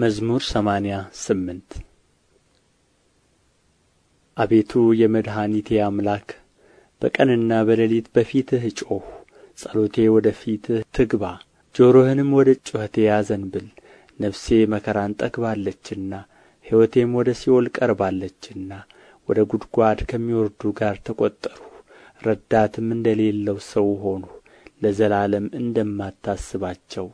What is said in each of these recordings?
መዝሙር ሰማንያ ስምንት አቤቱ የመድኃኒቴ አምላክ በቀንና በሌሊት በፊትህ ጮኽሁ። ጸሎቴ ወደ ፊትህ ትግባ፣ ጆሮህንም ወደ ጩኸቴ ያዘንብል። ነፍሴ መከራን ጠግባለችና ሕይወቴም ወደ ሲኦል ቀርባለችና ወደ ጉድጓድ ከሚወርዱ ጋር ተቈጠርሁ። ረዳትም እንደሌለው ሰው ሆንሁ፣ ለዘላለም እንደማታስባቸው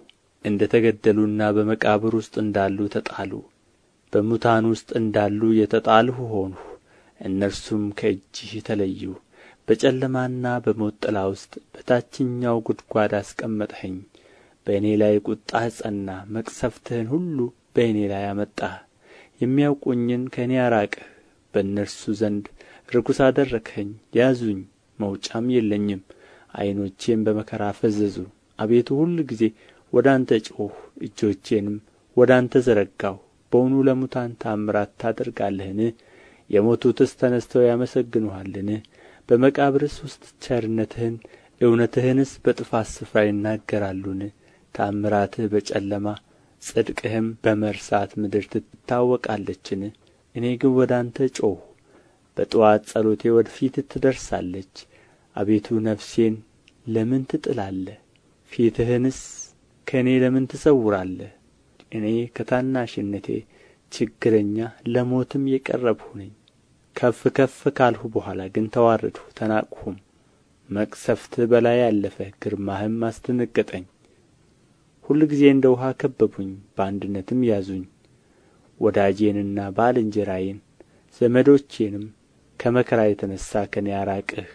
እንደ ተገደሉና በመቃብር ውስጥ እንዳሉ ተጣሉ በሙታን ውስጥ እንዳሉ የተጣልሁ ሆንሁ እነርሱም ከእጅህ ተለዩ በጨለማና በሞት ጥላ ውስጥ በታችኛው ጕድጓድ አስቀመጥኸኝ በእኔ ላይ ቍጣህ ጸና መቅሰፍትህን ሁሉ በእኔ ላይ አመጣህ የሚያውቁኝን ከእኔ አራቅህ በእነርሱ ዘንድ ርኩስ አደረግኸኝ ያዙኝ መውጫም የለኝም ዐይኖቼም በመከራ ፈዘዙ አቤቱ ሁልጊዜ ወደ አንተ ጮኽሁ እጆቼንም ወደ አንተ ዘረጋሁ በውኑ ለሙታን ተአምራት ታደርጋለህን የሞቱትስ ተነሥተው ያመሰግኑሃልን በመቃብርስ ውስጥ ቸርነትህን እውነትህንስ በጥፋት ስፍራ ይናገራሉን ተአምራትህ በጨለማ ጽድቅህም በመርሳት ምድር ትታወቃለችን እኔ ግን ወደ አንተ ጮኽሁ በጠዋት ጸሎቴ ወደ ፊት ትደርሳለች አቤቱ ነፍሴን ለምን ትጥላለህ ፊትህንስ ከእኔ ለምን ትሰውራለህ እኔ ከታናሽነቴ ችግረኛ ለሞትም የቀረብሁ ነኝ ከፍ ከፍ ካልሁ በኋላ ግን ተዋረድሁ ተናቅሁም መቅሰፍት በላይ አለፈ ግርማህም አስደነገጠኝ ሁልጊዜ እንደ ውሃ ከበቡኝ በአንድነትም ያዙኝ ወዳጄንና ባልንጀራዬን ዘመዶቼንም ከመከራ የተነሣ ከእኔ አራቅህ